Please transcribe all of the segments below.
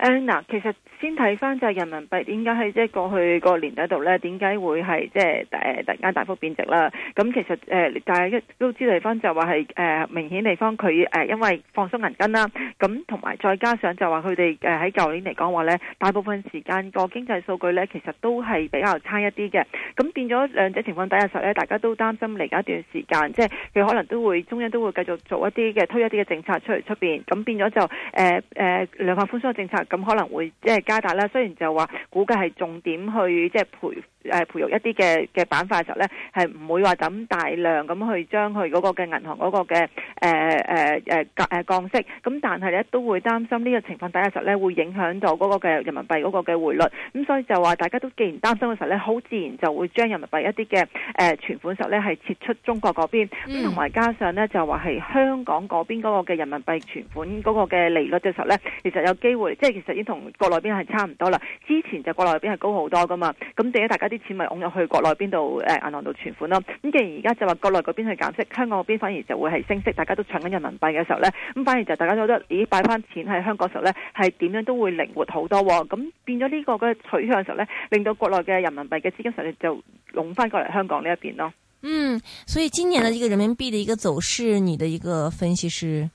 誒、嗯、嗱，其實先睇翻就係人民幣點解喺即係過去個年底度咧，點解會係即係誒突然間大幅貶值啦？咁其實誒就係大家都知地方就話係誒明顯地方佢誒、呃、因為放鬆銀根啦，咁同埋再加上就話佢哋、呃、在說話佢哋誒喺舊年嚟講話咧，大部分時間個經濟數據咧其實都係比較差一啲嘅。咁變咗兩者情況底下時候咧，大家都擔心嚟緊一段時間，即係佢可能都會中央都會繼續做一啲嘅推一啲嘅政策出嚟出面。咁變咗就誒誒量化寬鬆嘅政策。咁可能會即係加大啦。雖然就話估計係重點去即係培誒培育一啲嘅嘅板塊嘅時候咧，係唔會話咁大量咁去將佢嗰個嘅銀行嗰個嘅誒誒降息。咁但係咧都會擔心呢個情況底下嘅時候咧會影響到嗰個嘅人民幣嗰個嘅匯率。咁所以就話大家都既然擔心嘅時候咧，好自然就會將人民幣一啲嘅誒存款嘅時候咧係撤出中國嗰邊。咁同埋加上咧就話係香港嗰邊嗰個嘅人民幣存款嗰個嘅利率嘅時候咧，其實有機會即係其實已經同國內邊係差唔多啦，之前就國內邊係高好多噶嘛，咁點解大家啲錢咪湧入去國內邊度誒銀行度存款咯。咁既然而家就話國內嗰邊去減息，香港嗰邊反而就會係升息，大家都搶緊人民幣嘅時候咧，咁反而就大家都覺得，咦，擺翻錢喺香港嘅時候咧，係點樣都會靈活好多喎，咁變咗呢個嘅取向嘅時候咧，令到國內嘅人民幣嘅資金實力就湧翻過嚟香港呢一邊咯。嗯，所以今年嘅一個人民幣嘅一個走勢，你的一個分析是？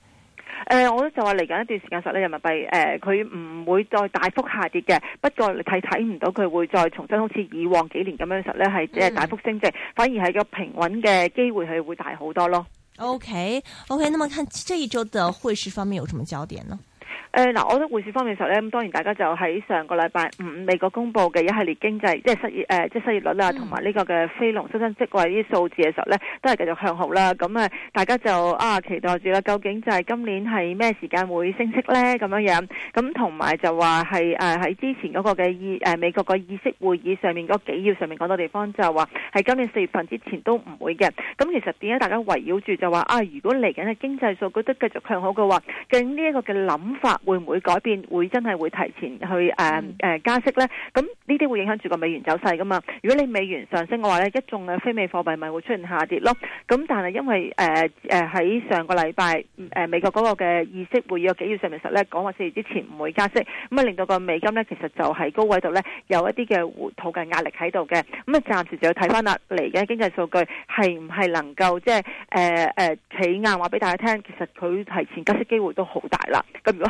誒、呃，我就話嚟緊一段時間實咧人民幣誒，佢、呃、唔會再大幅下跌嘅。不過你睇睇唔到佢會再重新好似以往幾年咁樣實咧係即係大幅升值，嗯、反而係個平穩嘅機會係會大好多咯。OK OK，咁啊，看這一周嘅匯市方面有什麼焦點呢？誒，嗱，我喺匯市方面嘅時候咧，咁當然大家就喺上個禮拜五,五美國公布嘅一系列經濟，即係失業誒、呃，即係失業率啊，同埋呢個嘅非農新增職位啲數字嘅時候咧，都係繼續向好啦。咁、嗯、啊，大家就啊期待住啦，究竟就係今年係咩時間會升息咧？咁樣樣，咁、嗯、同埋就話係誒喺之前嗰個嘅意誒美國個議息會議上面嗰幾頁上面講到的地方，就係話今年四月份之前都唔會嘅。咁、嗯、其實點解大家圍繞住就話啊？如果嚟緊嘅經濟數據都繼續向好嘅話，究竟呢一個嘅諗？會唔會改變？會真係會提前去誒誒、呃呃、加息咧？咁呢啲會影響住個美元走勢噶嘛？如果你美元上升嘅話咧，一眾嘅非美貨幣咪會出現下跌咯。咁但係因為誒誒喺上個禮拜誒美國嗰個嘅議息會議嘅幾月上面實咧，講話四月之前唔會加息，咁啊令到個美金咧，其實就係高位度咧，有一啲嘅回吐嘅壓力喺度嘅。咁啊暫時就要睇翻啦，嚟緊經濟數據係唔係能夠即係誒誒企硬話俾大家聽，其實佢提前加息機會都好大啦。咁如果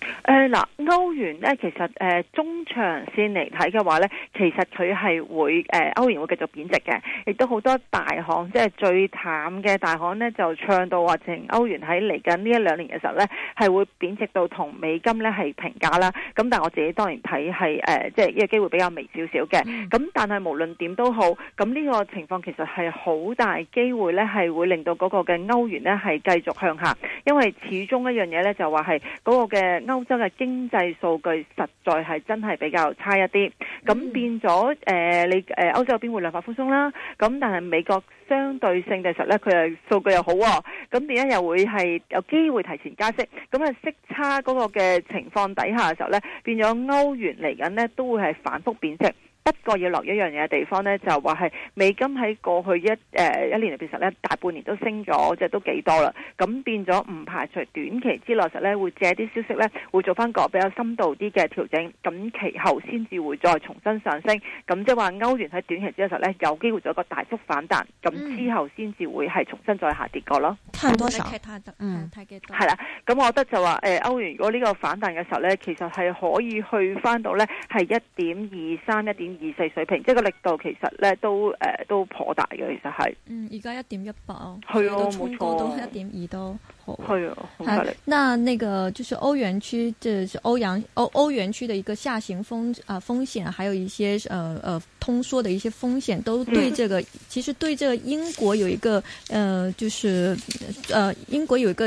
誒、嗯，嗱，歐元咧，其實誒、呃，中長線嚟睇嘅話咧，其實佢係會誒，歐、呃、元會繼續貶值嘅，亦都好多大行，即係最淡嘅大行咧，就唱到話，成歐元喺嚟緊呢一兩年嘅時候咧，係會貶值到同美金咧係平價啦。咁但係我自己當然睇係誒，即係呢個機會比較微少少嘅。咁、嗯、但係無論點都好，咁呢個情況其實係好大機會咧，係會令到嗰個嘅歐元咧係繼續向下，因為始終一樣嘢咧就話係嗰個嘅歐。歐洲嘅經濟數據實在係真係比較差一啲，咁變咗誒，你誒，歐洲嗰邊會量化寬鬆啦，咁但係美國相對性嘅時候咧，佢係數據又好，咁點解又會係有機會提前加息，咁啊，息差嗰個嘅情況底下嘅時候咧，變咗歐元嚟緊咧都會係反復貶值。不過要落一樣嘢嘅地方呢，就話係美金喺過去一誒、呃、一年入面，其實咧大半年都升咗，即係都幾多啦。咁變咗唔排除短期之內實咧會借啲消息咧會做翻個比較深度啲嘅調整，咁其後先至會再重新上升。咁即係話歐元喺短期之內實咧有機會做一個大幅反彈，咁之後先至會係重新再下跌過咯。睇多少？嗯，睇嘅係啦。咁我覺得就話誒歐元如果呢個反彈嘅時候咧，其實係可以去翻到咧係一點二三、一點。二四水平，即係個力度其實咧都誒、呃、都頗大嘅，其實係。嗯，而家一點一百哦，都衝高，冇錯都一點二都好，係啊。好犀利，那那個就是歐元區，就是歐洋歐歐元區的一個下行風啊風險，還有一些呃呃通縮的一些風險，都對這個、嗯、其實對這個英國有一個，呃，就是呃英國有一個。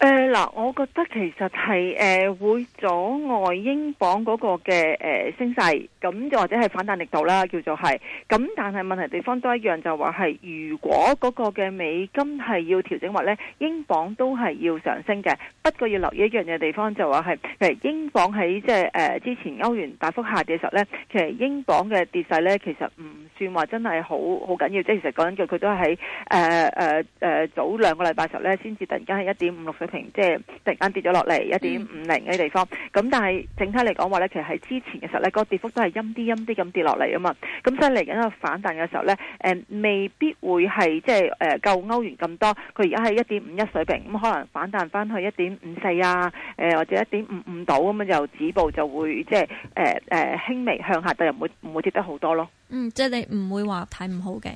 誒，嗱，我覺得其實係誒會阻礙英鎊嗰個嘅誒升勢，咁又或者係反彈力度啦，叫做係。咁但係問題的地方都一樣，就話係如果嗰個嘅美金係要調整話咧，英鎊都係要上升嘅。不過要留意一樣嘢地方就話係，其實英鎊喺即係誒之前歐元大幅下跌嘅時候咧，其實英鎊嘅跌勢咧，其實唔算話真係好好緊要。即係其實講緊嘅，佢都係喺誒誒誒早兩個禮拜時候咧，先至突然間係一點五六。水平即係突然間跌咗落嚟一點五零嘅地方，咁但係整體嚟講話咧，其實喺之前嘅時候咧，個跌幅都係陰啲陰啲咁跌落嚟啊嘛，咁所以嚟緊個反彈嘅時候咧，誒、呃、未必會係即係誒、呃、夠歐元咁多，佢而家係一點五一水平，咁可能反彈翻去一點五四啊，誒、呃、或者一點五五度咁樣就止步，就會即係誒誒輕微向下，但又唔會唔會跌得好多咯。嗯，即係你唔會話睇唔好嘅。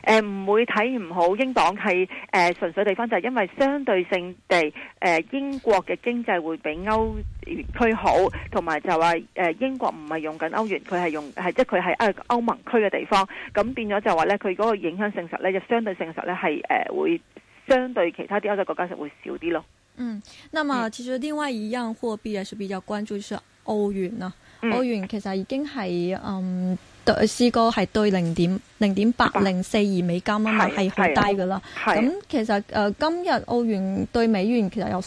誒、呃，唔會睇唔好英鎊係誒，純、呃、粹地地方就係因為相對性地，誒、呃、英國嘅經濟會比歐元區好，同埋就話誒、呃、英國唔係用緊歐元，佢係用係即係佢係誒歐盟區嘅地方，咁變咗就話咧，佢嗰個影響性實咧，就相對性實咧係誒會相對其他啲歐洲國家實會少啲咯。嗯，那麼其實另外一樣貨幣係是比較關注的是歐元咯、啊。澳、嗯、元其實已經係嗯是對，試過係兌零點零點八零四二美金啊嘛，係好、就是、低噶啦。咁其實誒、呃、今日澳元對美元其實又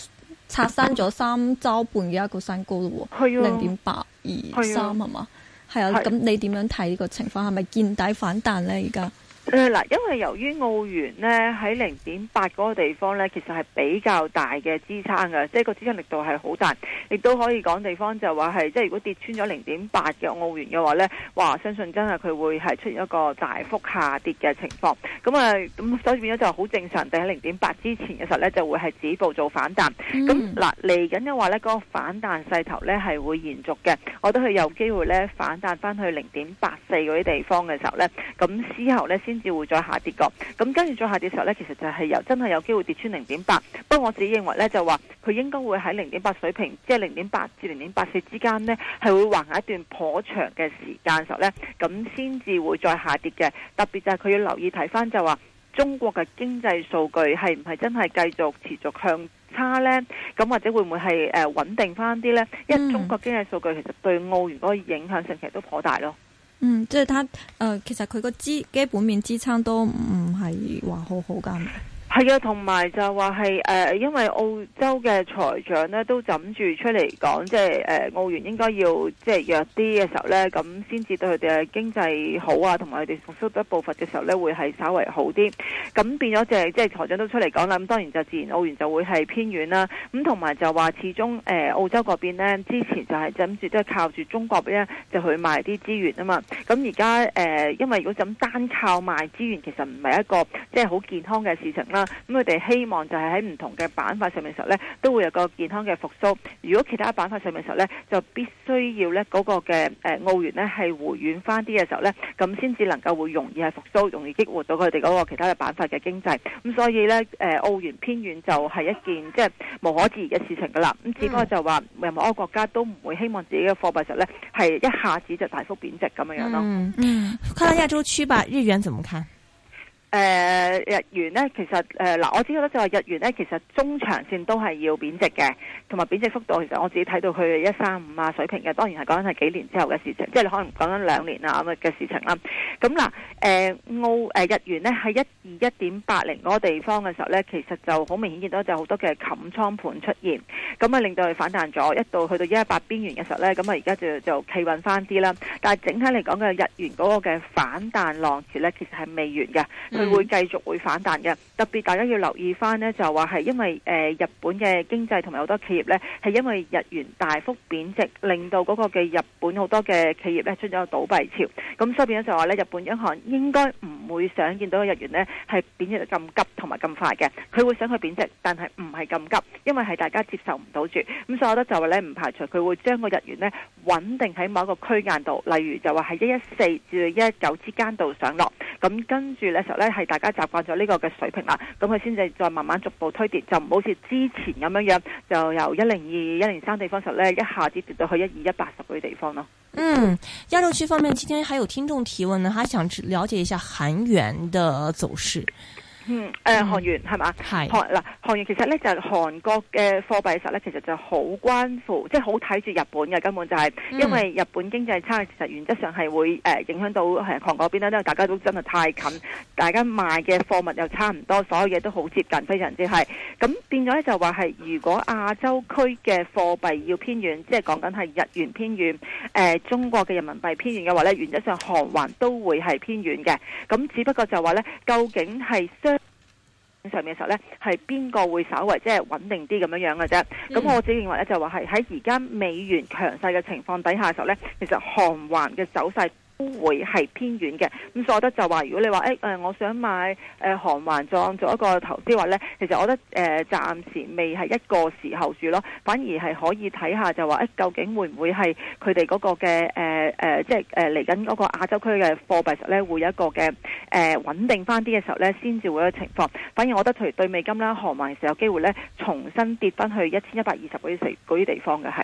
刷新咗三周半嘅一個新高咯，零點八二三係嘛？係啊，咁你點樣睇呢個情況？係咪見底反彈咧？而家？嗱、嗯，因為由於澳元呢喺零點八嗰個地方呢，其實係比較大嘅支撐嘅，即係個支撐力度係好大，亦都可以講地方就話係，即係如果跌穿咗零點八嘅澳元嘅話呢，哇，相信真係佢會係出現一個大幅下跌嘅情況。咁啊，咁所以變咗就好正常，地喺零點八之前嘅時候呢，就會係止步做反彈。咁、嗯、嗱，嚟緊嘅話呢，嗰個反彈勢頭呢係會延續嘅，我覺得佢有機會呢，反彈翻去零點八四嗰啲地方嘅時候呢，咁之後呢。先。先至會再下跌嘅，咁跟住再下跌嘅時候咧，其實就係由真係有機會跌穿零點八。不過我自己認為咧，就話佢應該會喺零點八水平，即係零點八至零點八四之間呢，係會橫下一段頗長嘅時間的時候咧，咁先至會再下跌嘅。特別就係佢要留意睇翻，就話中國嘅經濟數據係唔係真係繼續持續向差咧？咁或者會唔會係誒穩定翻啲咧？因為中國嘅經濟數據其實對澳元嗰個影響性其實都頗大咯。嗯，即係佢誒、呃，其實佢個支基本面支撐都唔係話好好噶。係啊，同埋就話係誒，因為澳洲嘅財長咧都枕住出嚟講，即係誒澳元應該要即係弱啲嘅時候咧，咁先至對佢哋嘅經濟好啊，同埋佢哋復蘇得步伐嘅時候咧，會係稍為好啲。咁變咗、就係、即係即係財長都出嚟講啦，咁當然就自然澳元就會係偏軟啦。咁同埋就話始終誒、呃、澳洲嗰邊咧，之前就係枕住都係靠住中國咧就去賣啲資源啊嘛。咁而家誒因為如果枕單靠賣資源，其實唔係一個即係好健康嘅事情啦。咁佢哋希望就係喺唔同嘅板塊上面嘅時候咧，都會有個健康嘅復甦。如果其他板塊上面嘅時候咧，就必須要咧嗰個嘅誒澳元咧係回軟翻啲嘅時候咧，咁先至能夠會容易係復甦，容易激活到佢哋嗰個其他嘅板塊嘅經濟。咁所以咧，誒澳元偏軟就係一件即係無可置疑嘅事情噶啦。咁只不過就話任何一個國家都唔會希望自己嘅貨幣嘅時候咧係一下子就大幅貶值咁樣樣咯嗯，嗯，看看亞洲區吧，日元怎麼看？誒、呃、日元呢，其實誒嗱、呃，我只覺得就係日元呢，其實中長線都係要貶值嘅，同埋貶值幅度其實我自己睇到佢一三五啊水平嘅，當然係講緊係幾年之後嘅事情，即係你可能講緊兩年啊咁嘅事情啦。咁、嗯、嗱，誒、呃、澳誒、呃、日元呢，喺一二一點八零嗰個地方嘅時候呢，其實就好明顯見到就好多嘅冚倉盤出現，咁啊令到佢反彈咗，一度去到一一八邊緣嘅時候呢，咁啊而家就現在就企穩翻啲啦。但係整體嚟講嘅日元嗰個嘅反彈浪潮呢，其實係未完嘅。嗯佢、嗯、會繼續會反彈嘅，特別大家要留意翻呢，就話係因為、呃、日本嘅經濟同埋好多企業呢，係因為日元大幅貶值，令到嗰個嘅日本好多嘅企業呢，出咗個倒閉潮。咁所以變咗就話呢，日本央行應該唔會想見到個日元呢係貶值得咁急同埋咁快嘅，佢會想去貶值，但係唔係咁急，因為係大家接受唔到住。咁所以我覺得就話呢，唔排除佢會將個日元呢穩定喺某一個區間度，例如就話係一一四至一一九之間度上落。咁跟住呢時候呢。係大家習慣咗呢個嘅水平啦，咁佢先至再慢慢逐步推跌，就唔好似之前咁樣樣，就由一零二、一零三地方實咧，一下子跌到去一二一八十嗰啲地方咯。嗯，亞洲區方面，今天還有聽眾提問呢，他想了解一下韓元的走勢。嗯，誒、呃、韓元係嘛？係韓嗱韓元其實咧就是、韓國嘅貨幣實咧，其實就好關乎，即係好睇住日本嘅根本就係、是，因為日本經濟差，其實原則上係會誒、呃、影響到韓國嗰邊啦，因為大家都真係太近，大家賣嘅貨物又差唔多，所有嘢都好接近，非常之係。咁變咗咧就話係，如果亞洲區嘅貨幣要偏遠，即係講緊係日元偏遠，誒、呃、中國嘅人民幣偏遠嘅話咧，原則上韓元都會係偏遠嘅。咁只不過就話咧，究竟係上面嘅時候咧，係邊個會稍為即係穩定啲咁樣樣嘅啫？咁我自己認為咧，就話係喺而家美元強勢嘅情況底下嘅時候咧，其實韓圜嘅走勢。都會係偏遠嘅，咁所以我覺得就話，如果你話、欸呃、我想買韓、呃、韓圜做一個投資話呢，其實我覺得誒、呃、暫時未係一個時候住咯，反而係可以睇下就話、欸、究竟會唔會係佢哋嗰個嘅誒誒，即係嚟緊嗰個亞洲區嘅貨幣實呢會有一個嘅誒、呃、穩定翻啲嘅時候呢先至會有情況。反而我覺得，除對美金啦，韓圜是有機會呢重新跌翻去一千一百二十嗰啲嗰啲地方嘅係。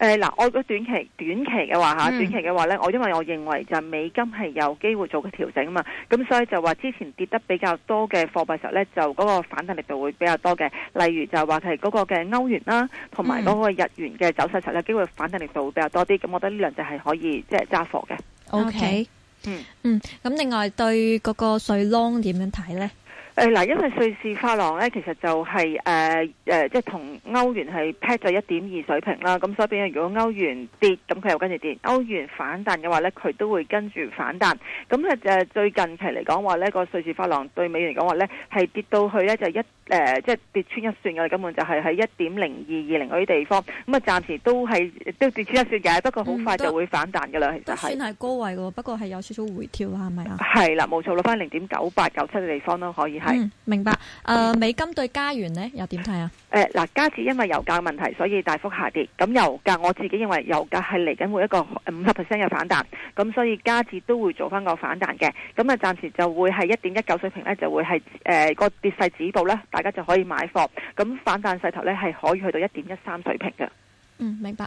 誒，嗱，我嘅短期短期嘅話吓，短期嘅話咧，我因為我認為就美金係有機會做個調整啊嘛，咁所以就話之前跌得比較多嘅貨幣時候咧，就嗰個反彈力度會比較多嘅，例如就係話係嗰個嘅歐元啦，同埋嗰個日元嘅走勢時咧，嗯、有機會反彈力度會比較多啲，咁我覺得呢兩隻係可以即係揸貨嘅。O K，嗯嗯，咁、嗯、另外對嗰個瑞郎點樣睇咧？嗱，因為瑞士法郎咧，其實就係誒即係同歐元係 pack 咗一點二水平啦。咁、嗯、所以變咗，如果歐元跌，咁佢又跟住跌；歐元反彈嘅話咧，佢都會跟住反彈。咁、嗯、咧、呃、最近期嚟講話呢、呢個瑞士法郎對美元講話咧，係跌到去咧就一誒，即、呃、係、就是、跌穿一算嘅根本就係喺一點零二二零嗰啲地方。咁、嗯、啊，暫時都係都跌穿一算嘅，不過好快就會反彈嘅啦、嗯。其實係，都算係高位喎，不過係有少少回跳是是、啊、啦，係咪啊？係啦，冇錯啦，翻零點九八九七嘅地方都可以。係，明白。誒，美金對加元咧又點睇啊？誒，嗱，加紙因為油價問題，所以大幅下跌。咁油價我自己認為油價係嚟緊會一個五十 percent 嘅反彈，咁所以加紙都會做翻個反彈嘅。咁啊，暫時就會係一點一九水平咧，就會係誒個跌勢止步咧，大家就可以買貨。咁反彈勢頭咧係可以去到一點一三水平嘅。嗯，明白。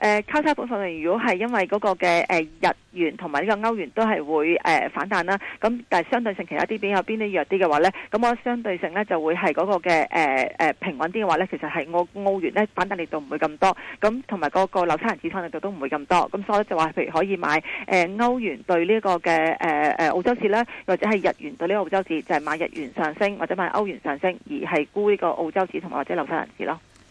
誒，交叉部分如果係因為嗰個嘅誒日元同埋呢個歐元都係會誒反彈啦，咁但係相對性其他啲邊有邊啲弱啲嘅話咧，咁我相對性咧就會係嗰個嘅誒誒平穩啲嘅話咧，其實係我澳，澳元咧反彈力度唔會咁多，咁同埋嗰個紐西蘭紙反彈力度都唔會咁多，咁所以就話譬如可以買誒歐元對呢個嘅誒誒澳洲紙啦，或者係日元對呢個澳洲紙，就係、是、買日元上升或者買歐元上升，而係沽呢個澳洲紙同或者紐西蘭紙咯。